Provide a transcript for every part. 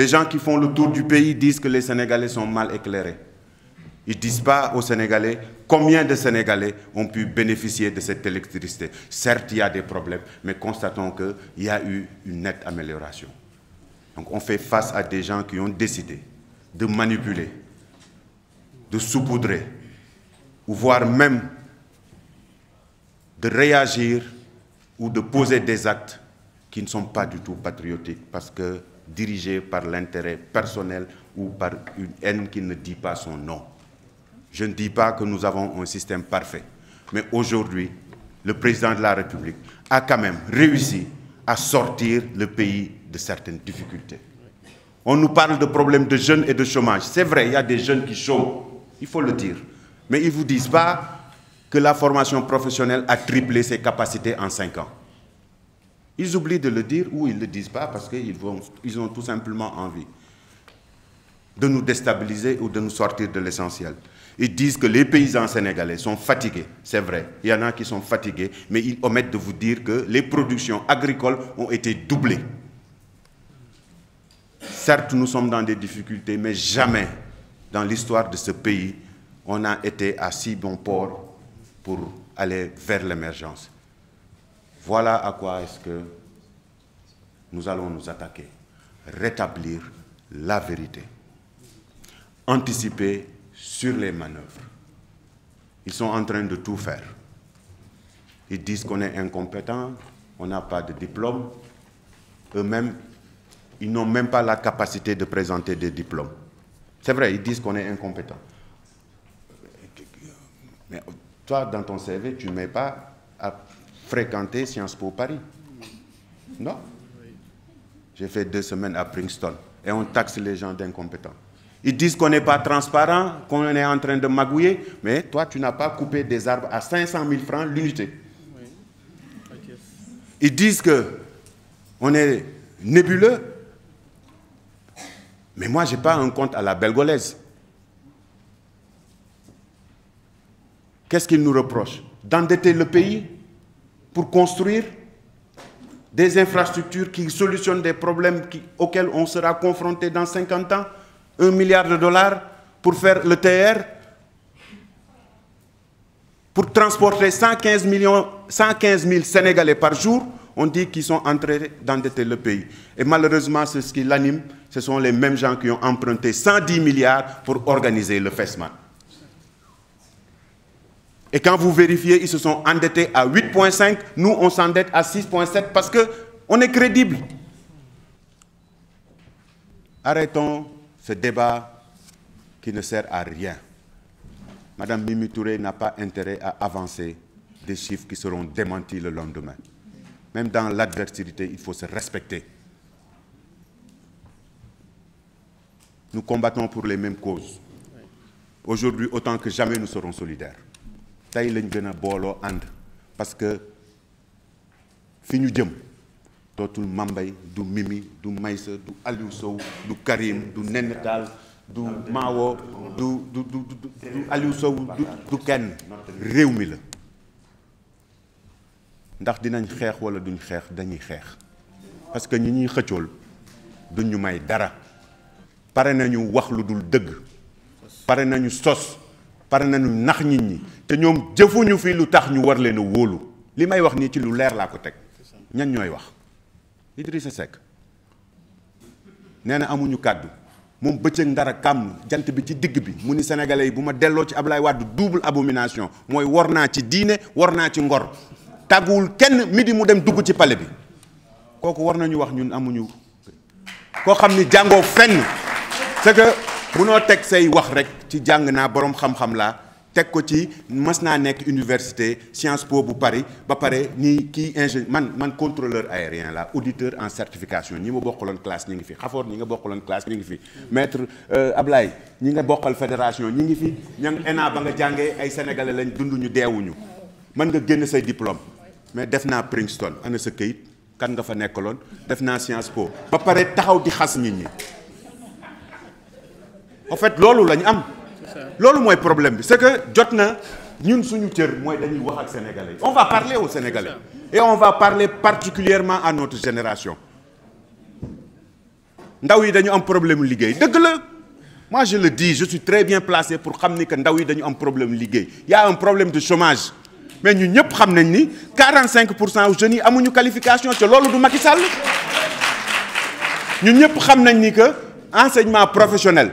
Les gens qui font le tour du pays disent que les Sénégalais sont mal éclairés. Ils ne disent pas aux Sénégalais combien de Sénégalais ont pu bénéficier de cette électricité. Certes, il y a des problèmes, mais constatons qu'il y a eu une nette amélioration. Donc on fait face à des gens qui ont décidé de manipuler, de saupoudrer, ou voire même de réagir ou de poser des actes qui ne sont pas du tout patriotiques parce que dirigé par l'intérêt personnel ou par une haine qui ne dit pas son nom. Je ne dis pas que nous avons un système parfait, mais aujourd'hui, le président de la République a quand même réussi à sortir le pays de certaines difficultés. On nous parle de problèmes de jeunes et de chômage. C'est vrai, il y a des jeunes qui chôment, il faut le dire. Mais ils ne vous disent pas que la formation professionnelle a triplé ses capacités en cinq ans. Ils oublient de le dire ou ils ne le disent pas parce qu'ils ils ont tout simplement envie de nous déstabiliser ou de nous sortir de l'essentiel. Ils disent que les paysans sénégalais sont fatigués, c'est vrai. Il y en a qui sont fatigués, mais ils omettent de vous dire que les productions agricoles ont été doublées. Certes, nous sommes dans des difficultés, mais jamais dans l'histoire de ce pays, on a été à si bon port pour aller vers l'émergence. Voilà à quoi est-ce que nous allons nous attaquer. Rétablir la vérité. Anticiper sur les manœuvres. Ils sont en train de tout faire. Ils disent qu'on est incompétent, on n'a pas de diplôme. Eux-mêmes, ils n'ont même pas la capacité de présenter des diplômes. C'est vrai, ils disent qu'on est incompétent. Mais toi, dans ton CV, tu ne mets pas à fréquenter Sciences Po Paris. Non. J'ai fait deux semaines à Princeton et on taxe les gens d'incompétents. Ils disent qu'on n'est pas transparent, qu'on est en train de magouiller, mais toi, tu n'as pas coupé des arbres à 500 000 francs l'unité. Ils disent qu'on est nébuleux, mais moi, je n'ai pas un compte à la belgolaise. Qu'est-ce qu'ils nous reprochent D'endetter le pays pour construire des infrastructures qui solutionnent des problèmes auxquels on sera confronté dans 50 ans, un milliard de dollars pour faire le TR, pour transporter 115, millions, 115 000 Sénégalais par jour, on dit qu'ils sont entrés d'endetter le pays. Et malheureusement, c'est ce qui l'anime, ce sont les mêmes gens qui ont emprunté 110 milliards pour organiser le FESMA. Et quand vous vérifiez, ils se sont endettés à 8,5. Nous, on s'endette à 6,7 parce qu'on est crédible. Arrêtons ce débat qui ne sert à rien. Madame Mimi Touré n'a pas intérêt à avancer des chiffres qui seront démentis le lendemain. Même dans l'adversité, il faut se respecter. Nous combattons pour les mêmes causes. Aujourd'hui, autant que jamais, nous serons solidaires tay lañ gëna bolo and parce que fiñu jëm totul Mambay du Mimi du Maysa du Aliou Sow du Karim du Nenn du mawo du du du du Aliou Sow du du kenn réew la ndax dinañ xex wala duñ xex dañuy xex parce que ñi ñuy xëccool duñ ñu may dara paré nañu wax lu dul dëgg paré nañu sos pare nañu nax nit ñi te ñoom jëfuñu fii lu tax ñu war leen a wóolu li may wax nii ci lu leer laa ko teg ñan ñooy wax Idrissa Seck nee na amuñu kàddu moom bëccëg ndara kàmm jant bi ci digg bi mu ni sénégalais yi bu ma delloo ci ab Ablaye Wade double abomination mooy war naa ci diine war naa ci ngor tàgguwul kenn midi mu dem dugg ci pale bi kooku war nañu wax ñun amuñu koo xam ni jàngoo fenn c'est que noo teg say wax rek ci jàng borom xam-xam ko ci université Sciences Po bu Paris ba paré ni ingénieur man contrôleur aérien la auditeur en certification ñi mo classe ñi ngi fi nga classe ñi maître euh, Ablay, ñi nga bokkal fédération ñi ngi fi ñang ENA ba nga jangé ay sénégalais lañ ñu nga say diplôme mais def Princeton ana sa keuyit kan nga fa nekkalon def Sciences Po ba taxaw di nit en fait lolu lañ problème c'est que qui sommes ñun suñu cër mooy dañuy sénégalais on va parler aux sénégalais et on va parler particulièrement à notre génération ndaw yi un problème lié. moi je le dis je suis très bien placé pour savoir que ndaw yi un problème problème Il y a un problème de chômage mais nous, ne xam ni 45 des jeunes ont amuñu qualification C'est ce du nous avons ñun Nous ni que enseignement professionnel.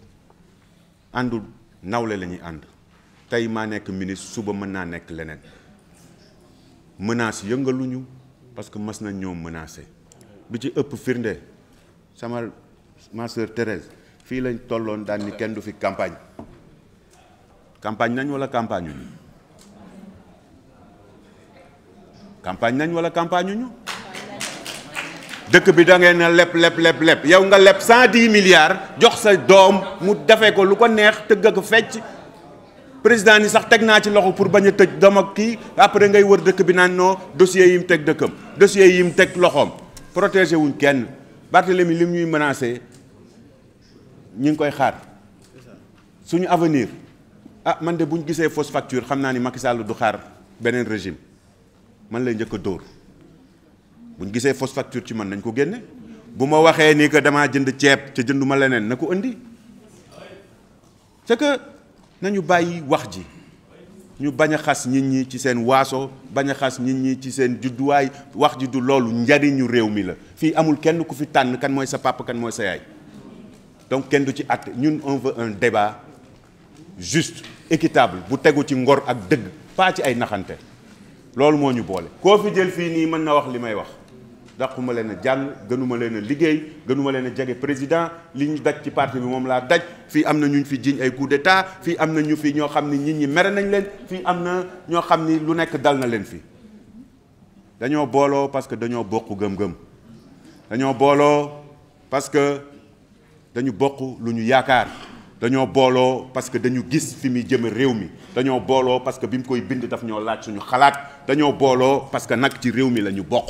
àndul nawle lañuy ànd tey maa nekk ministre suba mën naa nekk leneen menace yëngaluñu parce que mas nañ ñoom menacé bi ci ëpp firnde sama ma sœur Thérèse fii lañ tolloon daal ni kenn du fi campagne campagne nañ wala campagne ñu campagne nañ wala campagne ñu dëkk bi da na a leb leb leb leb yow nga leb cent dix milliards jox sa doom mu defee ko lu ko neex tëgg ak fecc président ni sax teg naa ci loxo pour bañ a tëj doom ak kii après ngay wër dëkk bi naan noo dossier yi mu teg dëkkam dossier yi mu teg loxoom protégé wuñ kenn li mu ñuy menacé ñu ngi koy xaar suñu avenir ah man de bu ñu gisee fausse facture xam naa ni Macky Sall du xaar beneen régime man lay njëkk a dóor. buñ gisee fausse facture ci mën nañ ko génne bu ma waxee ni que damaa jënd ceeb te jënduma leneen na ko indi c'est que nañu bàyyi wax ji ñu bañ a xas nit ñi ci seen waaso bañ a xas nit ñi ci seen judduwaay wax ji du loolu njariñu réew mi la fii amul kenn ku fi tànn kan mooy sa papa kan mooy sa yaay donc kenn du ci àtt ñun on un débat juste équitable bu tegu ci ngor ak dëgg pas ci ay naxante loolu moo ñu boole koo fi jël fii nii mën na wax li may wax dàquma leen a jàng gënuma leen liggéey gënuma leen jege président li ñu daj ci parti bi moom laa daj fii am na ñu fi jiñ ay coup fii am na ñu fi ñoo xam ni nit ñi mere nañ leen fii am na ñoo xam ni lu nekk dal na leen fi dañoo booloo parce que dañoo bokk gëm-gëm dañoo booloo parce que dañu bokk lu ñu yaakaar dañoo booloo parce que dañu gis fi muy jëme réew mi dañoo booloo parce que bi mu koy bind daf ñoo laaj suñu xalaat dañoo booloo parce que nag ci réew mi la ñu bokk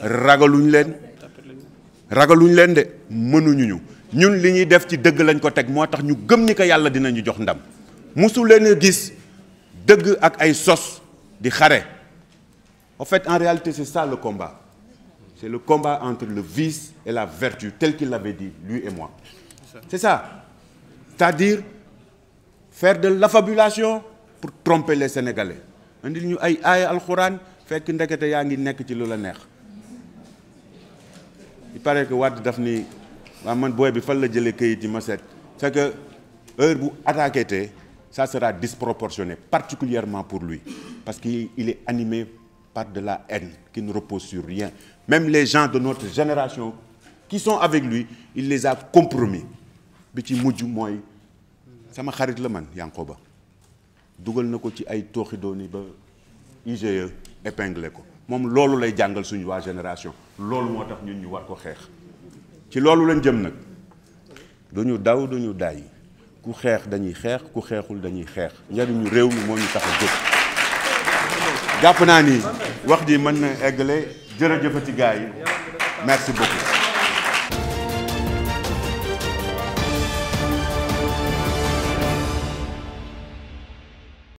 ragaluñ len ragaluñ leen de mënuñu ñu ñun li ñuy def ci dëgg lañ ko tek motax ñu gëm ni ko yàlla dinañu jox ndam musu leen gis dëgg ak ay sos di xaré en fait en réalité c'est ça le combat c'est le combat entre le vice et la vertu tel qu'il l'avait dit lui et moi c'est ça c'est-à-dire faire de l'affabulation pour tromper les Sénégalais indil ñu ay ay alcorane fekk ndekete yaangi ngi nekk ci lu la neex il paraît que Wad Daphné, a waa man booy bi fan la jëlee c'est que heure bu attaqué ça sera disproportionné particulièrement pour lui parce qu'il est animé par de la haine qui ne repose sur rien même les gens de notre génération qui sont avec lui il les a compromis bi ci mujj mooy sama xarit le man Yankoba Dougal na ko ci ay tooxi dooni ba IGE épinglé ko moom loolu lay jàngal suñu waa génération loolu moo tax ñu ñu war ko xeex ci loolu lañ jëm nag duñu daw duñu daay ku xeex dañuy xeex ku xeexul dañuy xeex njariñu réew mi moo ñu tax a jóg jàpp naa ni wax ji mën na eggale jërëjëfati gars yi merci beaucoup